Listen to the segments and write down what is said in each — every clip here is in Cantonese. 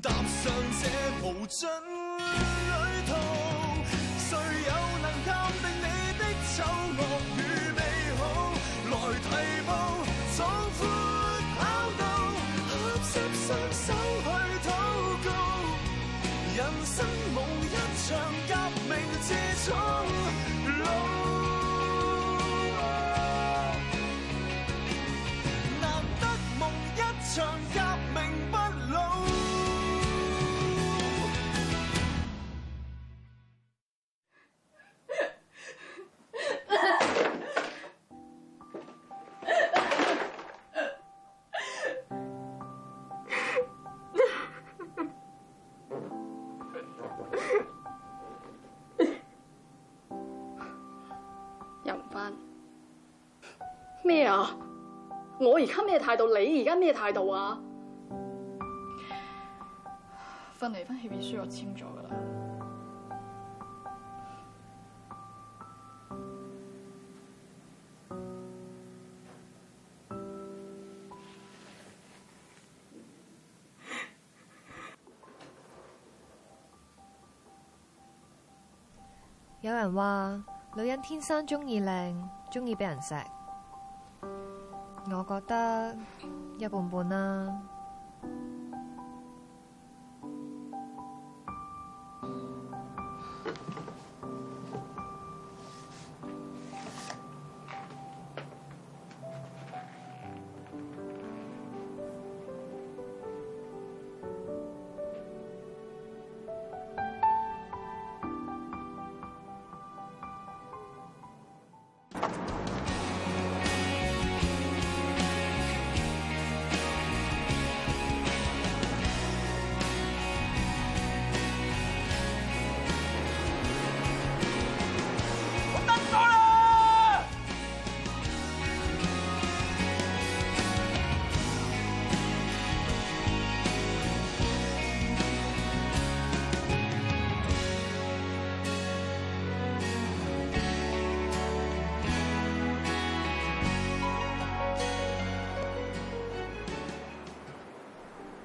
踏上這無盡旅途，誰又能鑑定你的醜惡與美好？來提步，壯闊跑道，合十雙手去禱告。人生無一場革命之初，自創。咩啊我而家咩態度？你而家咩態度啊？分離分契約書我簽咗啦。 有人話：女人天生鍾意靚，鍾意畀人錫。我覺得一半半啦。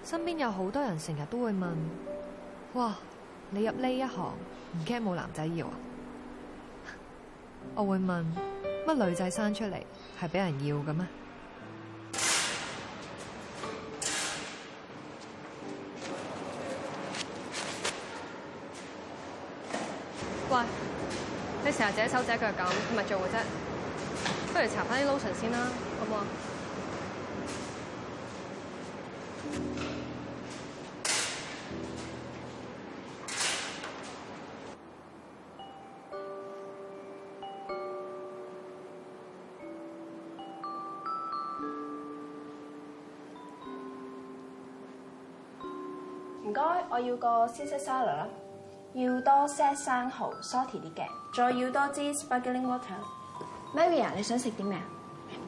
身邊有好多人成日都會問，哇，你入呢一行唔驚冇男仔要啊？我會問，乜女仔生，生出嚟係俾人要嘅咩？喂，你成日隻手仔腳咁，係咪做嘅啫？不如搽返啲 lotion 先啦，好唔好啊？我要個鮮色沙律啦，要多些生蚝，soy 啲嘅，再要多支 sparkling water。Maria，你想食啲咩啊？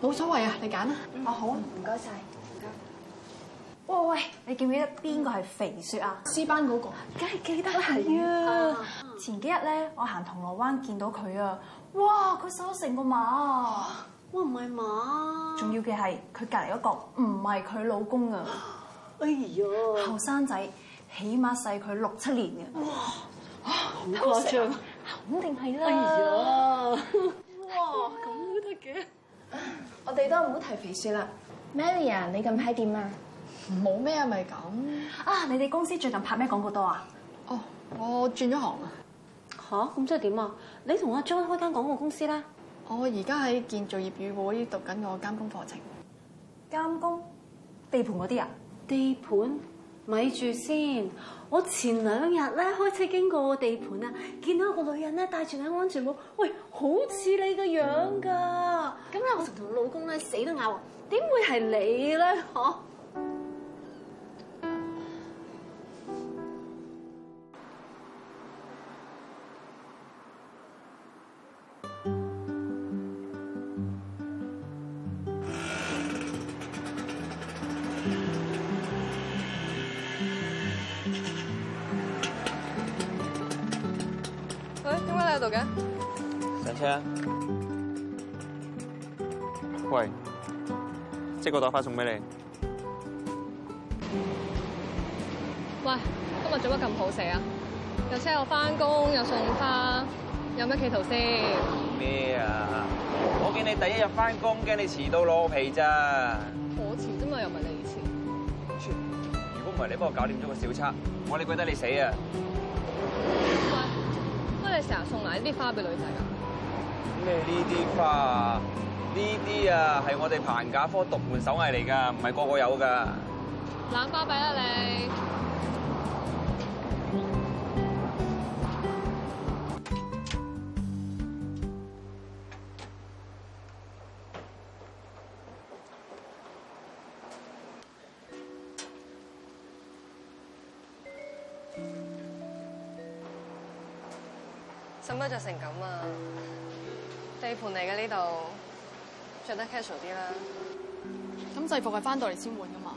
冇所謂啊，你揀啊、嗯。哦好啊，唔該晒。唔該。喂喂，你記唔、嗯那個、記得邊個係肥雪啊？C 班嗰個。梗係記得係啊。前幾日咧，我行銅鑼灣見到佢啊，哇，佢收成個馬啊！哇，唔係嘛？仲要嘅係佢隔籬嗰個唔係佢老公啊。哎呀。後生仔。起碼細佢六七年嘅，哇，好誇張，啊、肯定係啦、哎，哇，咁都得嘅， 我哋都唔好提肥雪啦。Mary 啊，你近排點啊？冇咩啊，咪咁。啊，你哋公司最近拍咩廣告多啊？哦，我轉咗行啊。吓，咁即係點啊？你同阿張開間廣告公司啦？我而家喺建造業議會讀緊個監工課程。監工？地盤嗰啲啊？地盤。咪住先，我前兩日咧開車經過個地盤啊，見到一個女人咧戴住頂安全帽，喂，好似你嘅樣㗎，咁、嗯、咧我成日同老公咧死都咬喎，點會係你咧，嗬！喂，即個朵花送俾你。喂，今日做乜咁好死啊？又車我翻工，又送花，有咩企圖先？咩啊？我見你第一日翻工，驚你遲到攞皮咋。我遲啫嘛，又唔係你遲。如果唔係你幫我搞掂咗個小賊，我哋鬼得你死啊！喂，乜你成日送埋啲花俾女仔㗎？呢啲花呢啲啊，係我哋棚架科獨門手藝嚟噶，唔係個個有噶。冷瓜俾啦你。使乜着成咁啊？地盤嚟嘅呢度，著得 casual 啲啦。咁制服係返到嚟先換嘛？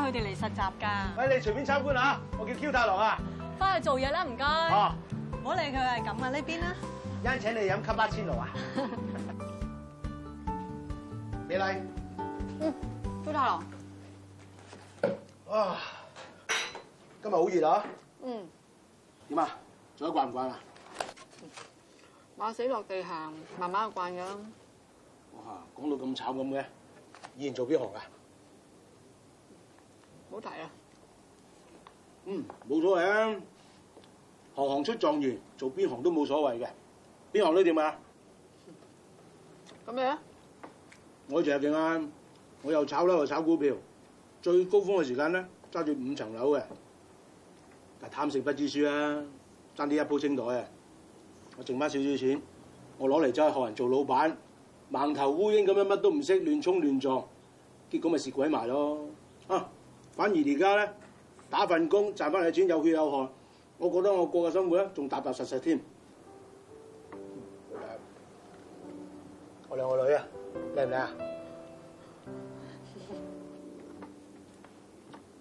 佢哋嚟實習噶，喂，你隨便參觀啊，我叫 Q 太郎啊，翻去做嘢啦，唔該，哦，唔好理佢係咁啊，呢邊啦，一請你飲卡布奇諾啊，美 麗，嗯，Q 太郎，啊，今日好熱啊，嗯，點啊，做得慣唔慣啊？馬死落地行，慢慢就慣嘅啦，哇，講到咁慘咁嘅，以前做邊行啊？唔好提啊！嗯，冇所謂啊！行行出狀元，做邊行都冇所謂嘅。邊行都掂啊。咁你咧？我以前勁啱，我又炒樓又炒股票，最高峰嘅時間咧揸住五層樓嘅。但係貪勝不知輸啊！爭啲一鋪清袋啊！我剩翻少少錢，我攞嚟走去學人做老闆，盲頭烏蠅咁樣乜都唔識亂衝亂撞，結果咪蝕鬼埋咯～反而而家咧，打份工賺翻嚟嘅錢有血有汗，我覺得我過嘅生活咧仲踏踏實實添。我兩個女啊，靚唔靚啊？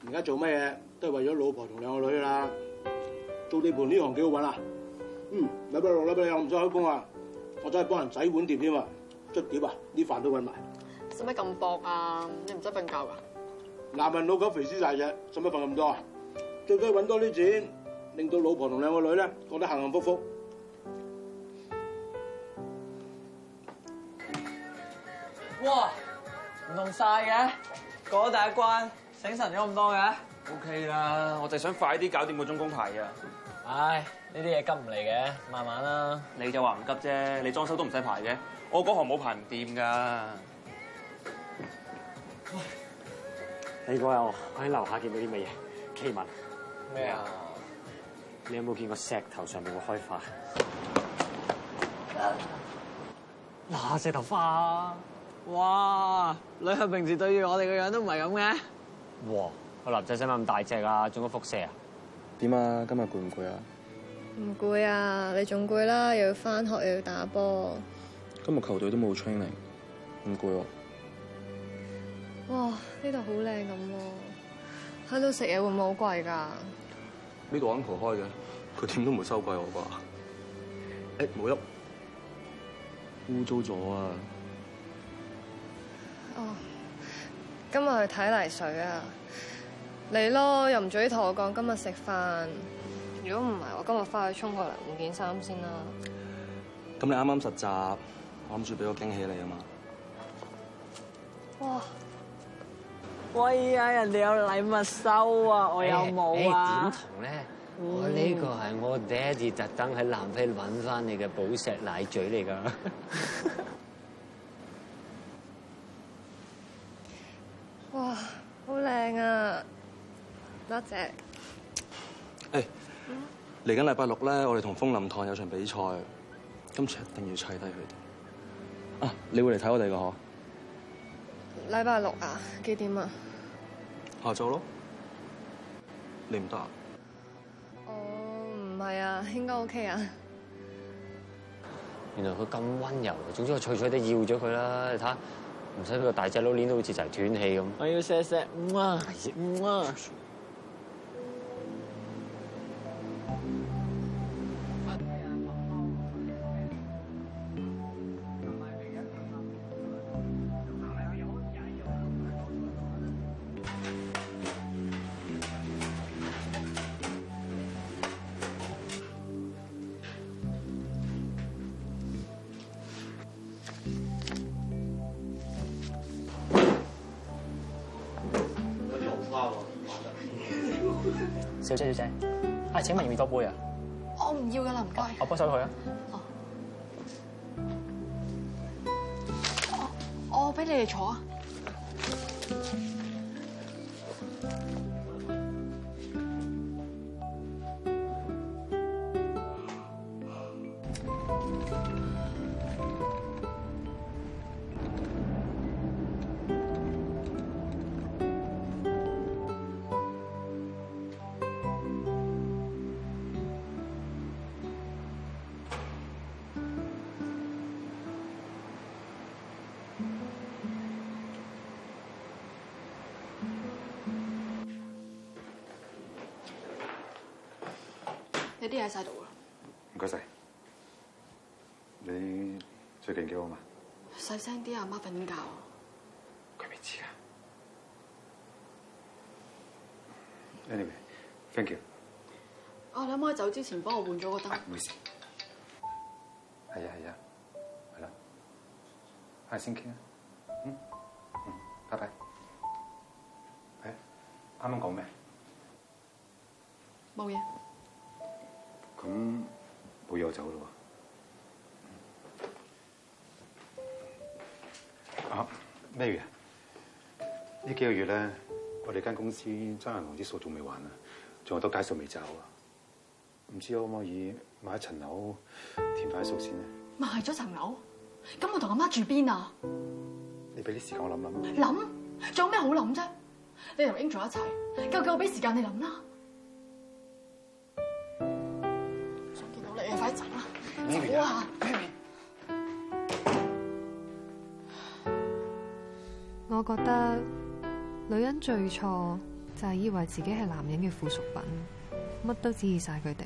而家做咩嘢都係為咗老婆同兩個女啦。做地盤呢行幾好揾啊？嗯，禮拜六，禮拜日，唔使開工啊！我真係幫人洗碗碟添嘛，捽碟啊，啲飯都揾埋。使咩咁搏啊？你唔使瞓覺㗎？男人老狗肥屍大隻，做乜瞓咁多啊？最緊要揾多啲錢，令到老婆同兩個女咧過得幸幸福福。哇！唔同曬嘅，過咗第一關，醒神咗咁多嘅。O K 啦，我就係想快啲搞掂個中工牌嘅。唉，呢啲嘢急唔嚟嘅，慢慢啦。你就話唔急啫，你裝修都唔使排嘅，我嗰行冇排唔掂噶。你嗰日喺樓下見到啲乜嘢？奇聞咩啊？你有冇見過石頭上面會開花？嗱、啊，石頭花？哇！旅行平時對於我哋嘅樣都唔係咁嘅。哇！個男仔使乜咁大隻啊，中咗輻射啊？點啊？今日攰唔攰啊？唔攰啊！你仲攰啦，又要返學又要打波。今日球隊都冇 training，唔攰喎。哇！呢度好靚咁，喺度食嘢會唔會好貴噶？呢度 Angela 開嘅，佢點都唔會收貴我啩？誒、欸，冇喐，污糟咗啊！哦，今日去睇泥水啊！嚟咯，又唔早啲同我講今日食飯。如果唔係，我今日翻去沖過嚟換件衫先啦。咁你啱啱實習，我諗住俾個驚喜你啊嘛。哇！喂呀，人哋有禮物收啊，我有冇啊？點同咧？我呢個係我爹哋特登喺南非揾翻你嘅寶石奶嘴嚟㗎。 哇，好靚啊！多謝。誒，嚟緊禮拜六咧，我哋同楓林堂有場比賽，今場一定要砌低佢哋。啊，你會嚟睇我哋㗎呵？禮拜六啊，幾點啊？下晝咯，你唔得啊？哦，唔係啊，應該 OK 啊。原來佢咁温柔，總之我脆脆都要咗佢啦。你睇下，唔使俾個大隻佬捻到好似就係斷氣咁。我要錫錫唔啊唔啊。哇哎小姐小姐，係請問你要唔要多杯啊？我唔要㗎喇唔該。我幫手佢啊。哦，我俾你哋坐啊。有啲嘢喺晒度啦。唔該晒。你最近幾好嘛？細聲啲，阿媽瞓緊覺。佢未知啊 Anyway，thank you。哦，你可以走之前幫我換咗個燈。唔好意思，係啊係啊。下次先傾啊，嗯，嗯，拜拜。哎。誒，啱啱講咩？冇嘢。咁冇嘢我走咯喎。啊。啊，咩嘢、啊？呢幾個月呢，我哋間公司爭銀行啲數仲未還啊，仲有好多街數未走啊，唔知可唔可以買一層樓填埋啲數先呢？賣咗層樓？咁我同阿媽住邊啊？你俾啲時間我諗諗。諗？仲有咩好諗啫？你同英俊一齊，竟我俾時間你諗啦。想見到你，我快走啦！好啊。我覺得女人最錯就係以為自己係男人嘅附屬品，乜都指意晒佢哋。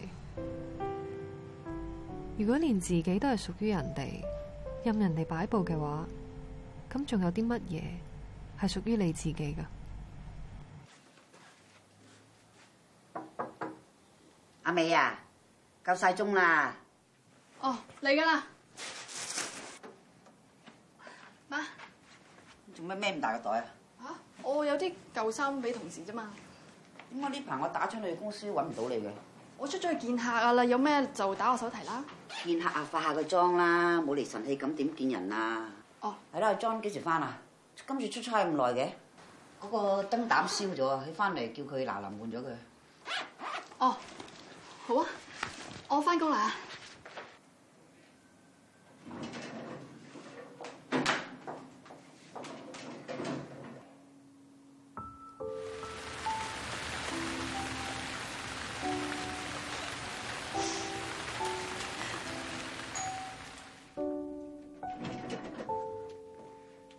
如果連自己都係屬於人哋，任人哋擺布嘅話，咁仲有啲乜嘢係屬於你自己噶？阿美啊，夠晒鐘啦！哦，嚟噶啦！媽，做咩孭咁大個袋啊？吓，我有啲舊衫俾同事啫嘛。點解呢排我打出去公司揾唔到你嘅？我出咗去見客噶啦，有咩就打我手提啦。見客啊，化下個妝啦，冇厘神氣咁點見人啊？哦是，係啦，阿 John 幾時返啊？今次出差咁耐嘅，嗰、那個燈膽燒咗啊，佢返嚟叫佢嗱嗱臨換咗佢。哦，好啊，我返工啦。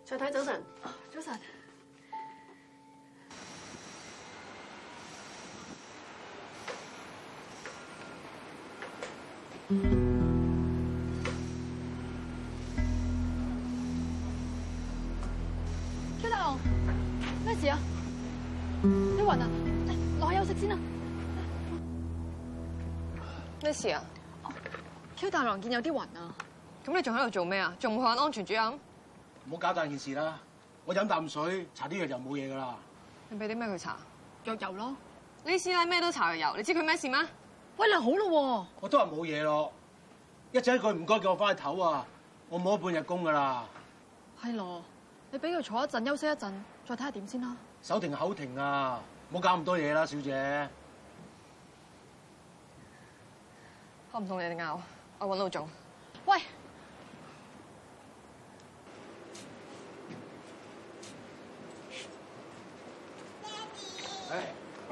蔡太早晨，早晨。Q 大王，咩事啊？你暈啊？嚟，落去休息先啦。咩事啊？Q、哦、大郎見有啲暈啊。咁你仲喺度做咩啊？仲冇去揾安全主任？唔好搞大件事啦！我飲啖水，搽啲藥就冇嘢噶啦。你俾啲咩佢搽？藥油咯，你師奶咩都搽藥油。你知佢咩事嗎？喂，你好咯喎，我都話冇嘢咯，一仔佢唔該叫我翻去唞啊，我冇咗半日工噶啦。係咯，你俾佢坐一陣，休息一陣，再睇下點先啦。手停口停啊，唔好搞咁多嘢啦，小姐。我唔同你哋拗，我搵老總。喂。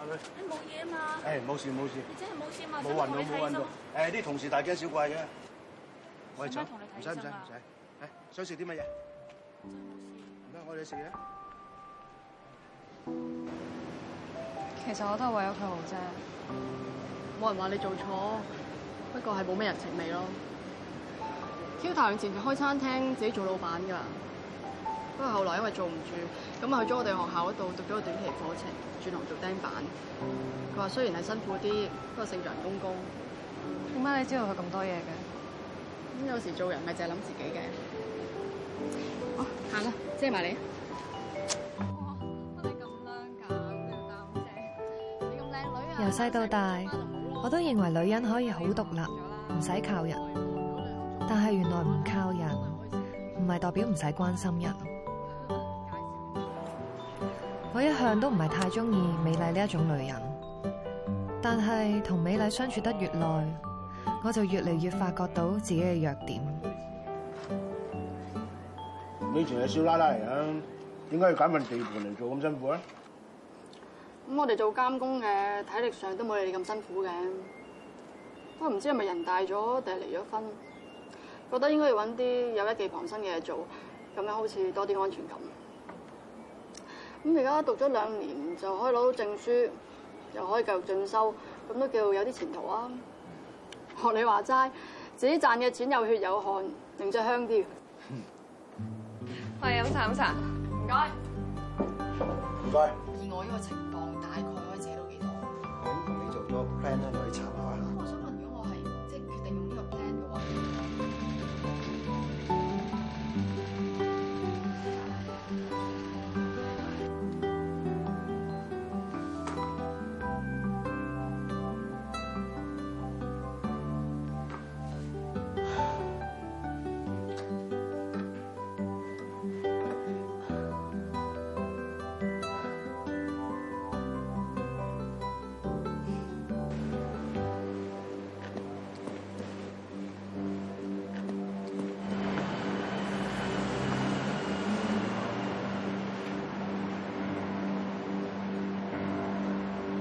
你冇嘢啊嘛？誒冇事冇事，而且係冇事嘛，冇運動冇運動。誒啲同事大驚小怪嘅，我哋坐，唔使唔使唔使，誒想食啲乜嘢？唔該，我哋食嘢。其實我都係為咗佢好啫，冇人話你做錯，不過係冇咩人情味咯。佢頭前就開餐廳，自己做老闆㗎。不過後來因為做唔住，咁啊去咗我哋學校度讀咗個短期課程，轉行做釘板。佢話雖然係辛苦啲，不過勝在人工高。點解你知道佢咁多嘢嘅？咁有時做人咪就係諗自己嘅。哦，行啦，遮埋你啊！乜你咁靚㗎，咁又膽正，你咁靚女啊！由細到大，我都認為女人可以好獨立，唔使靠人。但係原來唔靠人，唔係代表唔使關心人。我一向都唔係太中意美麗呢一種女人，但係同美麗相處得越耐，我就越嚟越發覺到自己嘅弱點的。你以前係少奶奶嚟啊？點解要揀份地盤嚟做咁辛苦啊？咁我哋做監工嘅體力上都冇你哋咁辛苦嘅，都唔知係咪人大咗定係離咗婚，覺得應該要揾啲有一技傍身嘅嘢做，咁樣好似多啲安全感。咁而家讀咗兩年，就可以攞到證書，又可以繼續進修，咁都叫有啲前途啊！學你話齋，自己賺嘅錢有血有汗，零舍香啲嘅。係飲茶飲茶，唔該，唔該。以我呢個情況大概可以借到幾多？我已經同你做咗 plan 啦，女可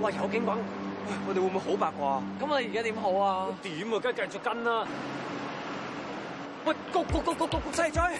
喂，有警棍，我哋會唔會好八卦？咁我哋而家點好啊？點啊，梗係繼續跟啦！喂，焗焗焗焗焗細仔。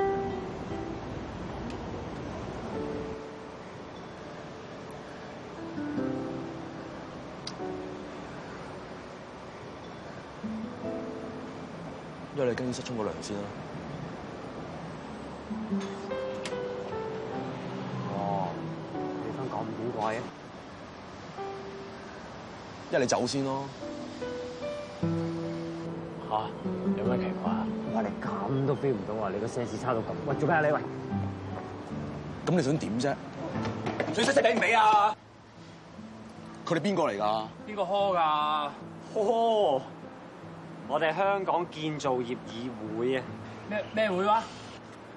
先沖個涼先啦。哦，你想咁古怪啊？一你走先咯。吓？有咩奇怪啊？我哋咁都 feel 唔到啊！你個 sense 差到咁，喂，做咩啊你喂？咁你想點啫？最塞塞頸唔俾啊？佢哋邊個嚟噶？邊個 call 噶我哋香港建造業議會啊！咩咩會話？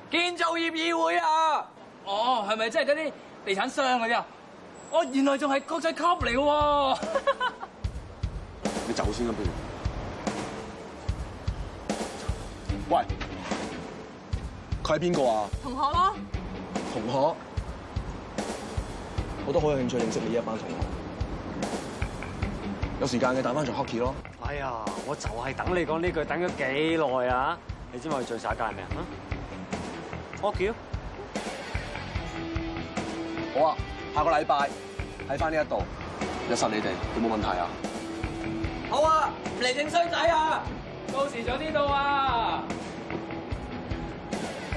建造業議會啊！哦，係咪即係嗰啲地產商嗰啲啊？哦，原來仲係國際級嚟喎，啊！ 你走先啦，不如。喂，佢係邊個啊？同學咯，啊，同學。我都好有興趣認識你一班同學，有時間嘅打翻場 hockey 咯。哎呀，我就係等你講呢句，等咗幾耐啊！你知唔知我最耍街係咩啊 OK，好啊，下個禮拜喺翻呢一度，一實你哋有冇問題啊？好啊，嚟整衰仔啊！到時咗呢度啊，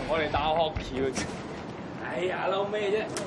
我哋打 Okey，哎呀，嬲咩啫？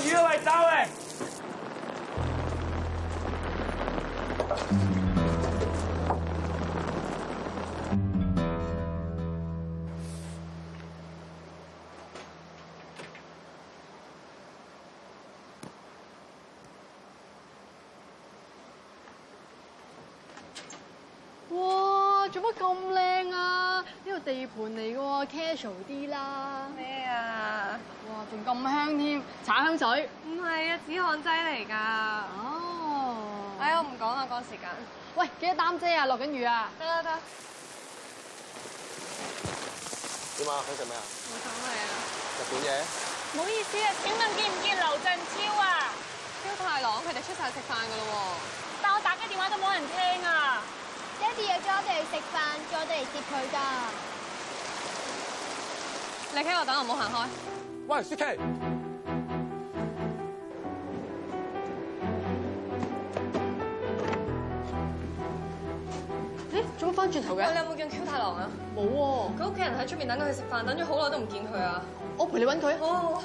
入嚟，打嚟！哇，做乜咁靚啊？呢個地盤嚟嘅喎，casual 啲啦。咩啊？仲咁香添，搽香水？唔係啊，止汗劑嚟㗎。哦，哎，我唔講啦，趕時間。喂，記得擔遮啊？落緊雨啊！得得得。點啊？想食咩啊？冇所謂啊。日本嘢？唔好意思啊，請問見唔見劉俊超啊？超太郎，佢哋出晒去食飯㗎啦喎。但我打嘅電話都冇人聽啊。爹哋約咗我哋去食飯，叫我哋嚟接佢㗎。你喺度等我，唔好行開。喂，CK。誒、欸，做乜翻轉頭嘅，啊？你有冇見 Q 太郎沒有啊？冇。佢屋企人喺出面等佢去食飯，等咗好耐都唔見佢啊！我陪你揾佢。好啊！好好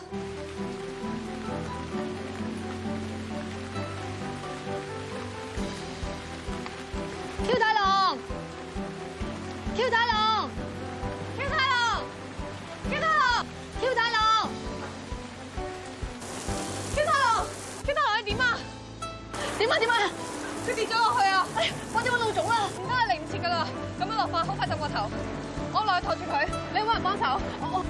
點啊點啊！佢跌咗落去啊！我點揾老總啦？唔得啊，嚟唔切噶啦！咁樣落法，好快浸個頭。我落去托住佢，你有冇人幫手。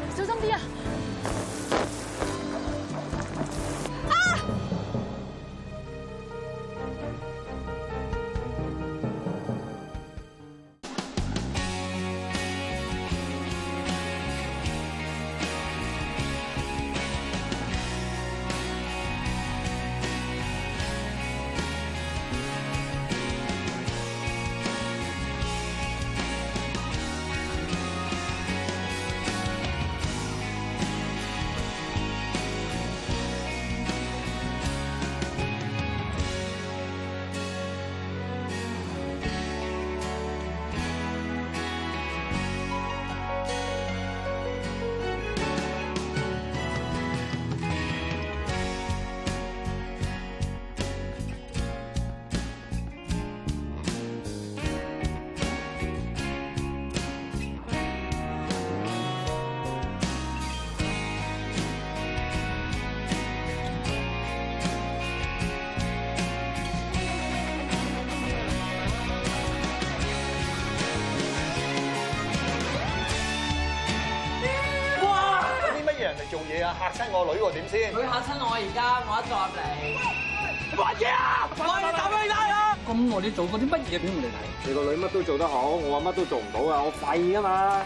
嘢啊！嚇親我女喎，點先？佢嚇親我，而家我一作入嚟，乜嘢啊？我哋打俾你睇啦！咁我哋做過啲乜嘢俾唔你睇？你個女乜都做得好，我話乜都做唔到啊！我廢啊嘛！